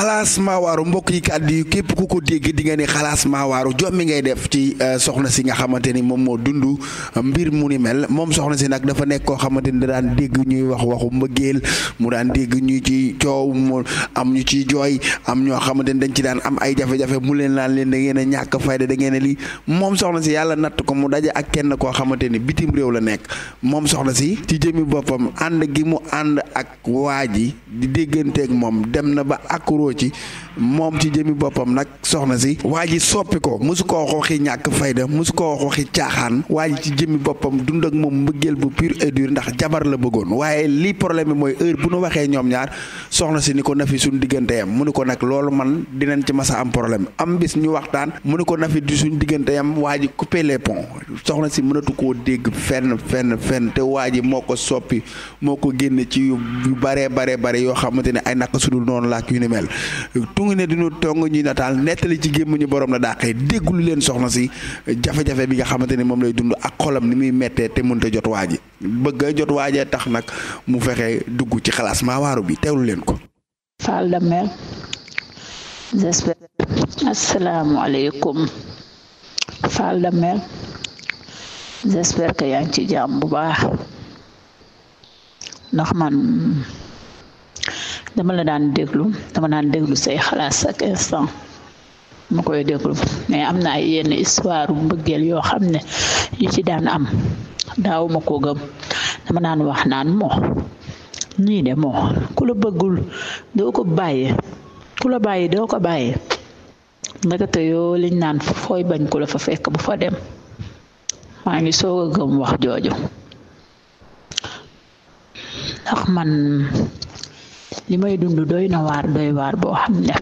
xalaas maawaaru mbokk yi kàddu yi képp ku ko dégg di nga ne xalaas maawaaru jom mi ngay def ci euh, soxna si nga xamante ni moom moo dund euh, mbir mu ni mel moom soxna si nag dafa nekk koo xamante ni daan dégg ñuy wax waxu mbëggeel mu daan dégg ñu ci coow mu am ci jooy am ñoo xamante ni dañ ci daan am ay jafe mu leen naan leen da ngeen a ñàkk fayda da ngeen a moom soxna si yàlla natt ko mu daje ak kenn koo xamante ni bitim réew la nekk moom soxna si ci jëmi boppam ànd gi mu ànd ak waa ji di dégganteeg moom dem na ba accro juboo ci moom ci jëmmi boppam nag soxna si waa ji soppi ko mosu koo wax waxi ñàkk fayda su koo wax waxi caaxaan waa ji ci jëmi boppam dund ak moom mbëggeel bu pur et ndax jabar la bëggoon waaye lii problème bi mooy heure bu nu waxee ñoom ñaar soxna si ni ko na fi suñ diggante yam mu ni ko nag loolu man dinañ ci masa am problème am bis waxtaan mu ni ko na fi di suñ diggante yam waa ji coupé les ponts soxna si mënatu koo dégg fenn fenn fenn te waa ji moo ko soppi moo ko génne ci yu baree baree bare yoo xamante ne ay naka tungu ne dinu tong ñuy nataal nettali ci gémmiñu borom la dàqee déggul leen soxna si jafe-jafe bi nga xamante ni moom lay dund ak xolam ni muy mettee te mënta jot waa ji bëgg a jot waaje tax nag mu fexe dugg ci xalaas maa waaru bi teewlu leen ko Fall Damel j'espère asalaamaaleykum Fall Damel j'espère que yaa ngi ci jàmm bu baax ndax man dama la daan déglu dama daan déglu say xalaat chaque ma koy déglu mais am na ay yenn histoire mbëggeel yoo xam ne yu ci daan am daawuma koo gëm dama daan wax naan moo nii de moo ku la bëggul doo ko bàyyee ku la bàyyi doo ko bàyyee naka yoo liñ naan fooy bañ ku fa fekk bu fa dem maa ngi soog a gëm wax jooju ndax man li may dund doy na waar doy waar boo xam ne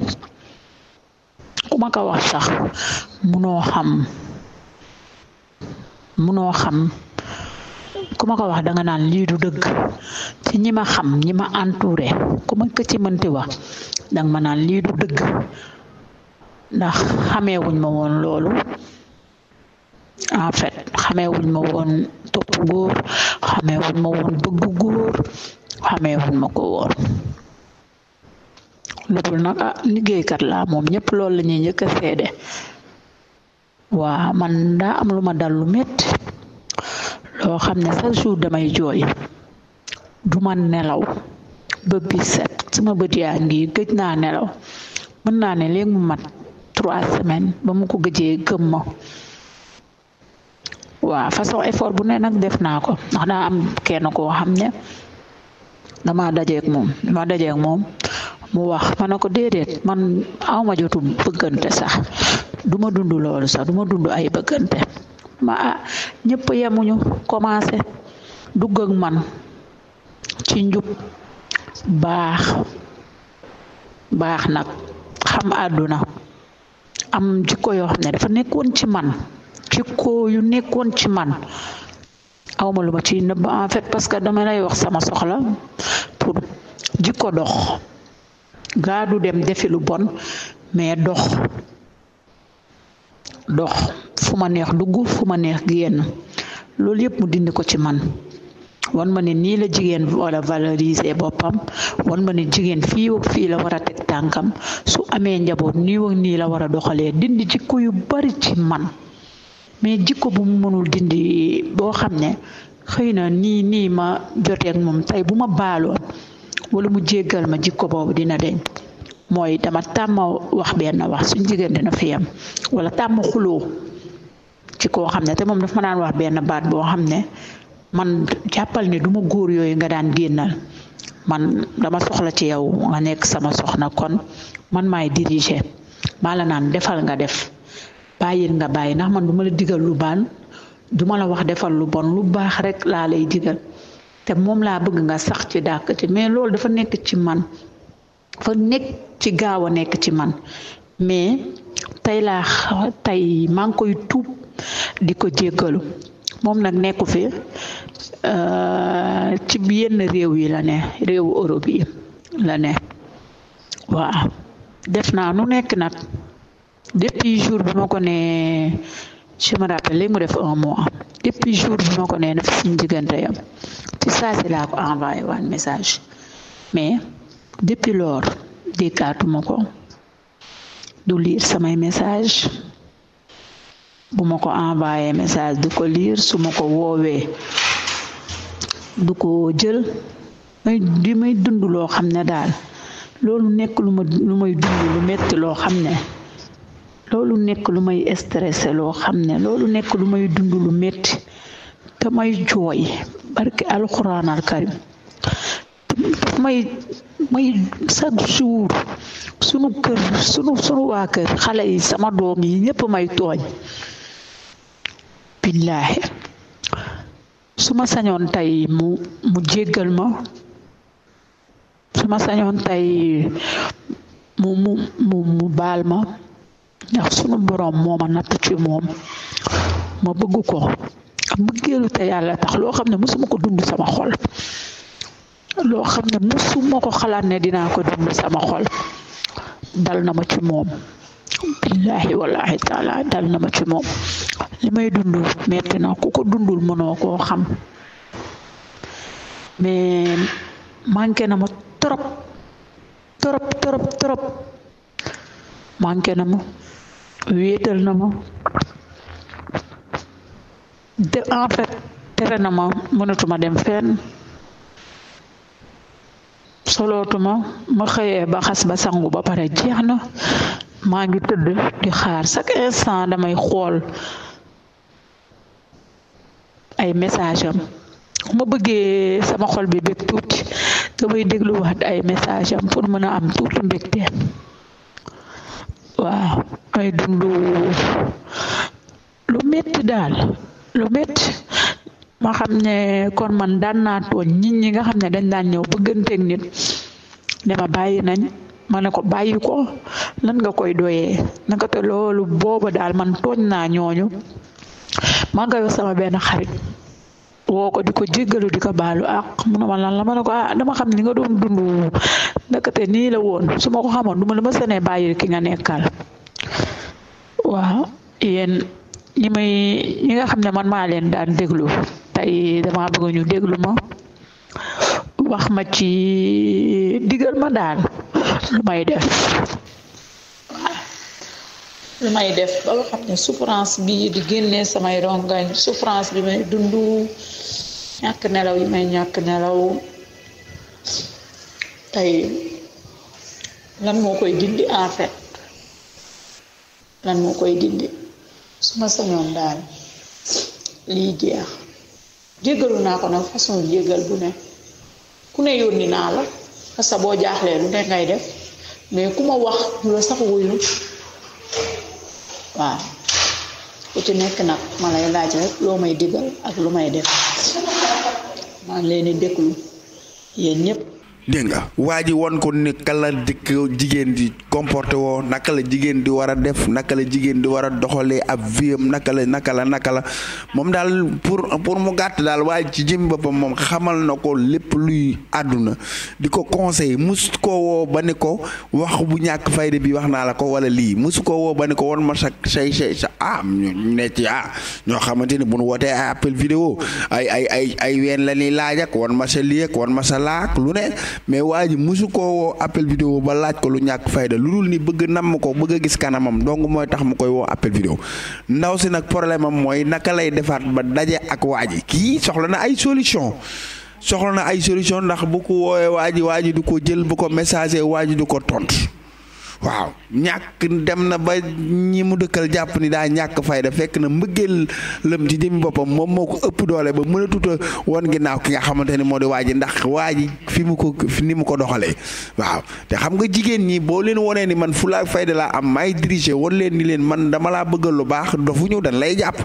ku ma ko wax sax munoo xam noo xam ku ma ko wax danga naan lii du dëgg ci ñi ma xam ñi ma entouré ku ma ci mënti wax danga ma naan lii du dëgg ndax xameewuñ ma woon loolu en fait xameewuñ ma woon topp góor xameewuñ ma woon bëgg góor xameewuñ ma ko woon lu dul nag ah liggéeykat laa moom ñépp loolu la ñuy njëkk a seede waa man daa am lu ma dal lu métti loo xam ne chaque jour damay jooy du ma nelaw ba bi set sama bët yaa ngi gëj naa nelaw mën naa ne léegi mu mat trois semaines ba mu ko gëjee gëm ma waaw façon effort bu ne nag def naa ko ndax daa am kenn koo xam ne dama dajeeg moom dama dajeeg moom mu wax ma ne ko déedéet man awma jotu bëggante sax du ma dund loolu sax duma ma dund ay bëggante ma ah ñëpp yemuñu commencé dugg ak man ci njub baax baax nag xam àdduna am jikko yoo xam ne dafa nekkoon ci man jikko yu nekkoon ci man awma lu ma ciy nëbb en fait parce que dama lay wax sama soxla pour jikko dox gaa du dem defi lu bon mais dox dox fu ma neex dugg fu ma neex génn loolu yëpp mu dindi ko ci man wan ma ne nii la jigéen wala valoriser boppam wan ma ne jigéen fii wak fii la war a teg tànkam su amee njaboot nii wak nii la war a doxalee dindi jikko yu bari ci man mais jikko bu mu mënul dindi boo xam ne xëy na nii nii ma joteeg moom tey bu ma baaloon wala mu jéggal ma jikko boobu dina deñ mooy dama tàmma wax benn wax suñ jigéen dina fi yam wala tàmm xuloo ci koo xam ne te moom dafa ma naan wax benn baat boo xam ne man jàppal ne du ma góor yooyu nga daan génnal man dama soxla ci yow nga nekk sama soxna kon man maay diriger maa la naan defal nga def bàyyil nga bàyyi ndax man du ma la digal lu baan du ma la wax defal lu bon lu baax rek laa lay digal te moom laa bëgg nga sax ci dàkk ci mais loolu dafa nekk ci man dafa nekk ci gaaw a nekk ci man mais tey laa tey maa koy tuub di ko jéggalu moom nag nekku fi euh, ci yenn réew yi la ne réewu Europe yi la ne waa def naa nu nekk nag depuis jour bi ma ko ne je me rappelle mu def un mois depuis jour bi ma ko ne na fi suñu diggante yam ci saa laa ko envoyé waan message mais depuis lors ko du lire samay message bu ma ko envoyé message du ko liir su ma ko woowee du ko jël may di may dund loo xam ne daal loolu nekk lu may dund lu metti loo xam ne loolu nekk lu may stressé loo xam ne loolu nekk lu may dund lu metti te damay jooy barke alxuraan al karim may may chaque jour sunu kër sunu sunu waa kër xale yi sama doom yi ñépp may tooñ billaahi suma ma sañoon tey mu mu ma su sañoon tey mu mu baal ma ndax sunu boroom moo ma natt ci moom ma bëgg ko mbëggeelu te yàlla tax loo xam ne mosuma ko dund sama xol loo xam ne mosuma ko xalaat ne dinaa ko dund sama xol dal na ma ci moom billaahi wallaahi taala dal na ma ci moom li may dund metti na ku ko dundul mënoo koo xam mais manqué na ma trop trop trop trop manqué na ma wéetal na ma de en tere na ma mënatuma dem fen solootuma ma xëye ba xas ba sangu ba pare jeex na maa ngi tëdd di xaar chaque instant damay xool ay message am ma bëggee sama xol bi bég tuuti damay dégluwaat ay message am pour mën a am tuuti mbégte waaw ay dundu lu metti daal lu métti ma xam ne kon man daan naa tooñ nit ñi nga xam ne dañ daan ñëw bëgganteeg nit ne ma bàyyi nañ ma ne ko bàyyi ko lan nga koy doyee naka te loolu booba daal man tooñ naa ñooñu maa ngi koy sama benn xarit woo ko di ko jéggalu di ko baalu ak mu ne ma lan la ma ne ko ah dama xam ni nga doon dund ndekete nii la woon su ma ko xamoon du ma la ma sënee bàyyi ki nga nekkaal waaw ñi may ñi nga xam ne man maa leen daan déglu tey dama bëgg ñu déglu ma wax ma ci digal ma daal lu may def lu may def ba nga xam ne souffrance bi di génnee samay rongañ souffrance bi may dund ñàkk nelaw yi may ñàkk nelaw tey lan moo koy dindi en fait lan moo koy dindi su ma sañoon daal lii jeex jéggalu naa ko nag façon jéggal bu ne ku ne yónni naa la parce que boo jaaxlee lu ne ngay def mais ku ma wax du la sax wuyu waaw ku ci nekk nag ma lay laaj rek loo may digal ak lu may def maa ngi leen di déglu yéen dégg nga waa ji won ko ni kala dikk jigéen di comporté woo naka la jigéen di war a def naka la jigéen di war a doxalee ab viam naka la naka la naka la moom daal pour pour mu gàtt daal waaye ci jëm boppam moom xamal na ko lépp luy àdduna di ko conseil mus ko woo ba ni ko wax bu ñàkk fayda bi wax naa la ko wala lii mus ko woo ba ni ko won ma sa say say sa ah ñu ne ci ah, ñoo xamante ni bu nu wootee ay appel vidéo ay ay ay ween la ñuy laajak ak won ma sa lii mais waa ji mosu koo woo appel vidéo ba laaj ko lu ñàkk fayda lu dul ni bëgg namm ko bëgg a gis kanamam donc mooy tax mu koy woo appel vidéo ndaw si nag problème am mooy naka lay defaat ba daje ak waa ji kii soxla na ay solution soxla na ay solution ndax bu ko woowee waa ji waa ji du ko jël bu ko messager waa ji du ko tontu. waaw ñàkk dem na ba ñii mu dëkkal jàpp ni daa ñàkk fayda fekk na mbëggeel lëm ci jëmi boppam moom moo ko ëpp doole ba mën a tuta woon ginnaaw ki nga xamante ni moo di waa ji ndax waa ji fi mu ko ni mu ko doxalee waaw te xam nga jigéen ñii boo leen wonee ni man fulaa fayda laa am may dirigé wan leen ni leen man dama laa bëggal lu baax ñëw dañ lay jàpp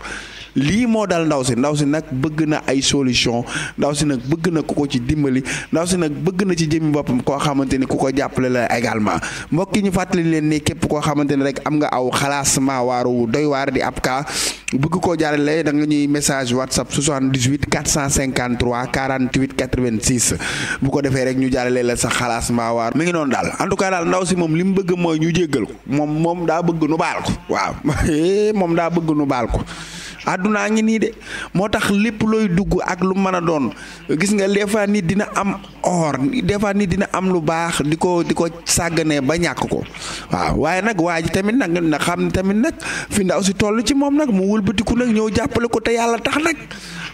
lii moo dal ndaw si ndaw si nag bëgg na ay solution ndaw si nag bëgg na ku ko ci dimbali ndaw si nag bëgg na ci jëmmi boppam koo xamante ni ku ko jàppale la également mbokk yi ñu fàttali leen ni képp koo xamante ni rek am nga aw xalaasma waaru doy waar di ab kaa bëgg koo jaarale da nga ñuy message whatsapp 78 453 48 86 bu ko defee rek ñu jaarale la sa xalaas mbaa waar mi ngi doon daal en tout cas daal ndaw si moom li mu bëgg mooy ñu jéggal moom moom daa bëgg nu baal ko waaw moom daa bëgg nu baal ko àddunaa ngi nii de moo tax lépp looy dugg ak lu mën a doon gis nga des fois nit dina am or des fois nit dina am lu baax di ko di ko sàgganee ba ñàkk ko waaw waaye nag waa ji tamit nag na xam ne tamit nag fi ndaw si toll ci moom nag mu wëlbatiku nag ñëw jàppale ko te yàlla tax nag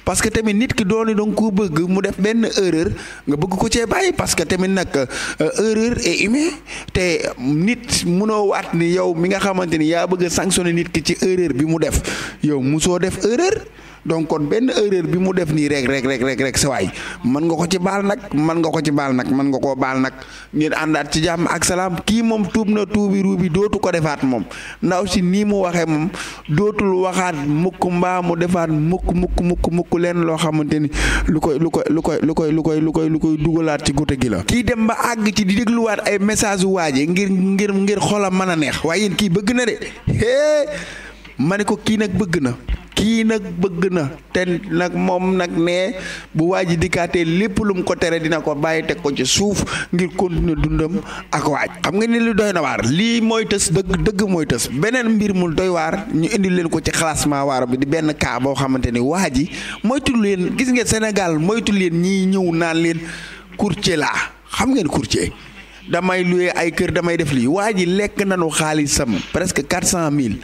parce que tamit nit ki dooni danga ko bëgg mu def benn erreur nga bëgg ko cee bàyyi parce que tamit nag euh, erreur est humain te nit munoo waat ni yow mi nga xamante ni yaa bëgg a nit ki ci erreur bi mu def yow def erreur donc kon benn erreur bi mu def nii rek rek rek rek rek sa mën nga ko ci baal nag mën nga ko ci baal nag mën nga koo baal nag ngeen àndaat ci jàmm ak salaam kii moom tuub na tuubi ruubi dootu ko defaat moom ndaw si nii mu waxee moom dootul waxaat mukk mbaa mu defaat mukk mukk mukk mukk leen loo xamante ni lu koy lu koy lu koy lu koy lu koy lu koy lu koy dugalaat ci gute gi la. kii dem ba àgg ci di dégluwaat ay message waaje ngir ngir ngir xolam mën a neex waaye yéen kii bëgg na ma ne ko kii nag bëgg na. kii nag bëgg na te nag moom nag nee bu waa ji dikkaatee lépp lum ko tere dina ko bàyyi teg ko ci suuf ngir continuer dundam ak waaj xam nga ni doy na waar lii mooy tës dëgg dëgg mooy tës beneen mbir mu doy waar ñu indi leen ko ci classement waar bi di benn kaa boo xamante ni waa ji moytu leen gis nga Sénégal moytu leen ñiy ñëw naan leen courtier laa xam ngeen courtier damay loué ay kër damay def lii waa ji lekk nanu xaalisam presque quatre cent mille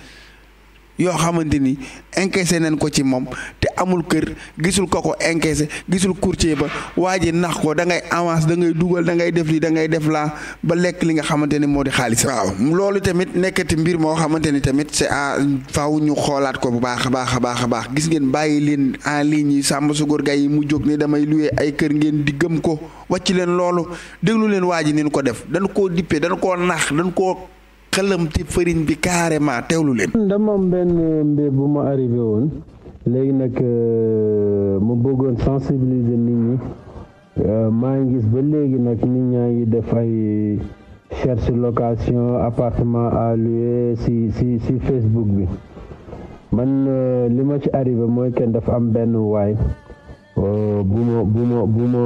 yoo xamante ni encaissé nañ ko ci moom te amul kër gisul ko ko encaissé gisul courtier ba waa ji nax ko dangay ngay avance da ngay dugal da ngay def lii da ngay def laa ba lekk li nga xamante ni moo di xaalis. waaw loolu tamit nekkati mbir moo xamante ni tamit c'est à faaw ñu xoolaat ko bu baax a baax a baax a baax gis ngeen bàyyi leen en lii yi sàmm su góor gay mu jóg ne damay luwee ay kër ngeen di gëm ko wàcc leen loolu déglu leen waa ji ni ñu ko def dañ koo dippee dañ koo nax dañ koo. xëlamti farine bi carrément teewlu leen. dama am benn bu ma arriver woon léegi nag euh, ma bëggoon sensibiliser nit ñi euh, maa ngi gis ba léegi nag nit ñaa ngi def ay cherche location appartement à louer si si si Facebook bi man euh, li ma ci arrivé mooy kenn dafa am benn waay bu ma bu ma bu ma.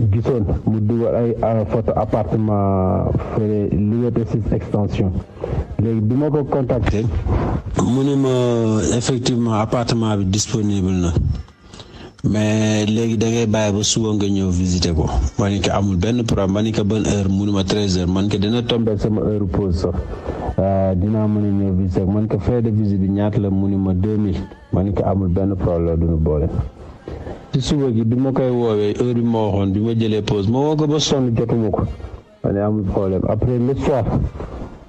gisoon mu dugal ay photo appartement fële Liberté 6 extension léegi bi ma ko contacté mu ne ma effectivement appartement bi disponible na mais léegi da ngay bàyyi ba suba nga ñëw visiter ko ma ne ko amul benn problème ma ne ko ban heure mu ne ma treize heures man ko dina tombé sama heure pause sax euh, dinaa mën a ñëw visiter man ko frais de visite bi ñaata la mu ne ma deux mille ma ne ko amul benn problème duñu boole ci suba gi bi ma koy woowee heure bi ma waxoon bi ma jëlee pause ma ko ba sonn jotuma ko ma ne amul problème après le soir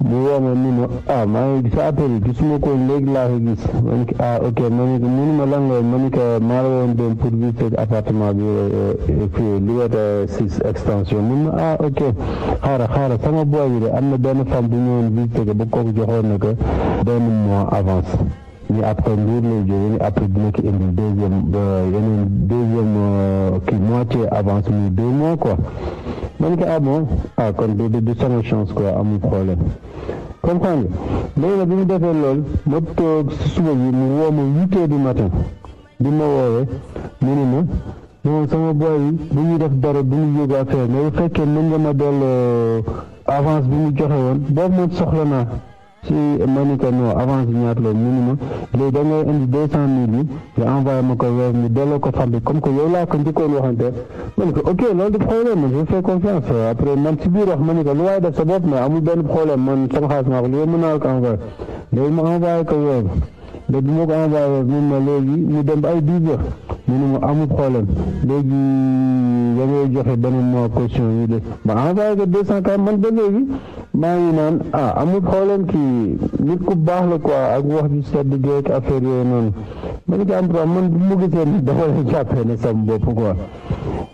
mu woo ma ni ma ah maa ngi sa appel gisuma ko léegi laa ko gis ma ne ko ah ma ne ko ma ne pour visiter appartement bi euh, fii Liberté 6 extension mun ma ah ok am na benn femme bu ñëwoon ko ba kooku joxoon na ko benn mois avance ni après Mbour lay jógee ni après dina ko indi deuxième yeneen deuxième euh, kii moitié avance muy deux mois man ko ah bon ah, kon du du sama chance quoi amul problème comprendre léegi nag bi mu defee lool ma toog bi mu woo du matin bi ma woowee mu ne ma sama boy yi bu ñuy def dara bu ñu yóbbu affaire mais bu fekkee mën nga ma euh, avance bi mu joxe woon boobu moom soxla naa. si ma ni ko non avance bi ñaata la mu ni ma léegi da ngay indi deux cent mille bi nga envoyé ma ko weer mi delloo ko fam bi yow laa ko njëkkoon waxante ma ni ko ok loolu du problème ma je fais confiance après man si biir wax ma ni lu waaye def sa bopp mais benn problème man sama xaalis maa ko li mën naa ko envoyé léegi ma envoyé ko weer léegi moo ko envoyé weer mu ma léegi mu dem ba ay dix mu ni ma amul problème léegi da joxe beneen mois caution yi de ma envoyé ko deux cent man maa ngi naan ah amul problème kii nit ku baax la quoi ak wax ju sedd geek affaire yooyu noonu ma ne am problème man bu mu gisee nii dafa lay jàppee ne sama bopp quoi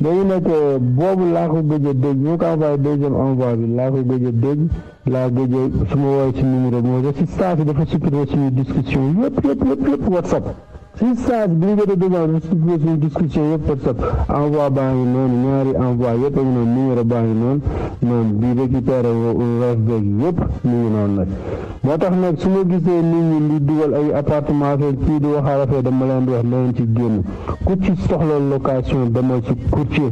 léegi nag euh, boobu laa ko gëj a dégg ñu ko envoyé deuxième envoi bi laa ko gëj a dégg laa gëj a su ma ci numéro bi ma ne si saa si dafa supprimer suñu discussion yëpp yëpp yëpp WhatsApp. si stage bi ñu jot a dugal ñu supposé suñu discussion yëpp WhatsApp envoi baa ngi noonu ñaari envoi yëpp ngi noonu numéro baa ngi noonu noonu bii récupéré wees beeg yëpp mu ngi noonu nag moo tax nag su ma gisee nit ñi di dugal ay appartement fee kii di wax a rafet dama leen di wax leen ci génn ku ci soxla location dama ci courtier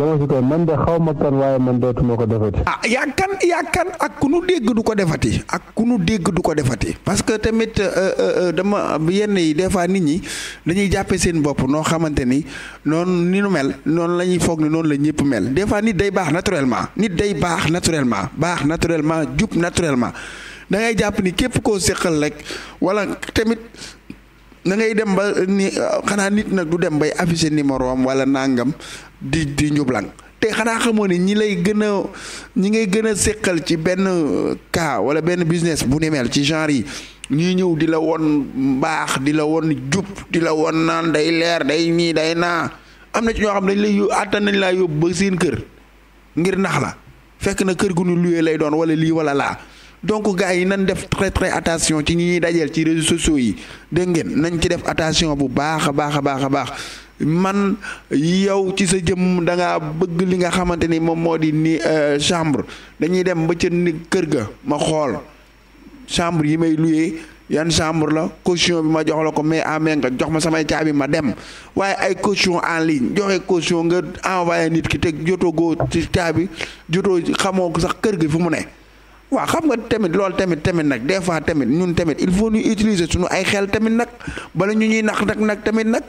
dama si koy man de xaw ma kan waaye man dootuma ko defati. ah yaa kan yaa ak ku nu du ko defati ak ku dégg du ko defati. parce que tamit euh, euh, euh, dama yenn yi des fois nit ñi dañuy jàppee seen bopp noo xamante ni noonu ni nu mel noonu la ñuy foog ni noonu la ñëpp mel des fois nit day baax naturellement. nit day baax naturellement baax naturellement jub naturellement da jàpp ni képp koo séqal rek wala tamit. na ngay dem ba ni xanaa nit na du dem bay afficher numéro am wala nangam di di njublang te xanaa xamoo ne ñi lay gën a ñi ngay gën a séqal ci benn cas wala benn business bu ni ci genre yi ñuy ñëw di la woon mbaax di la woon jub di la woon naan day leer day nii day naa am na ci ñoo xam dañ lay àttan nañ laa yóbbu ba seen kër ngir nax la fekk na kër gu nu luye lay doon wala lii wala laa donc gars yi nañ def très très attention ci ñi ñuy dajeel ci réseaux sociaux yi dégg ngeen nañ ci def attention bu baax a baax a baax a baax man yow ci sa jëm da ngaa bëgg li nga xamante ni moom moo di ni euh, chambre dañuy dem ba ca ni kër ga ma xool chambre yi may luyee yan chambre la caution bi ma jox la ko mais amee nga jox ma samay caabi ma dem waaye ay costion en ligne joxe caution nga envoyé nit ki te jotoo goo ci caabi jotoo xamoo ko sax kër gi fu mu ne waa xam nga tamit loolu tamit tamit nag des fois tamit ñun tamit il faut ñu utiliser suñu ay xel tamit nag bala ñu ñuy nax nag nag tamit nag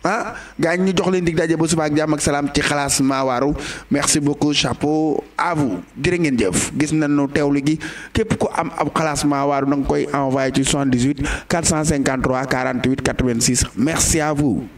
ah gaa ñu jox leen dig daje ba suba ak jàmm ak salaam ci xalaas maa waaru merci beaucoup chapeau à vous jërë ngeen jëf gis nañu teewlu gi képp ku am ab xalaas maa waaru na nga koy envoyé ci 78 453 48 86 merci à vous.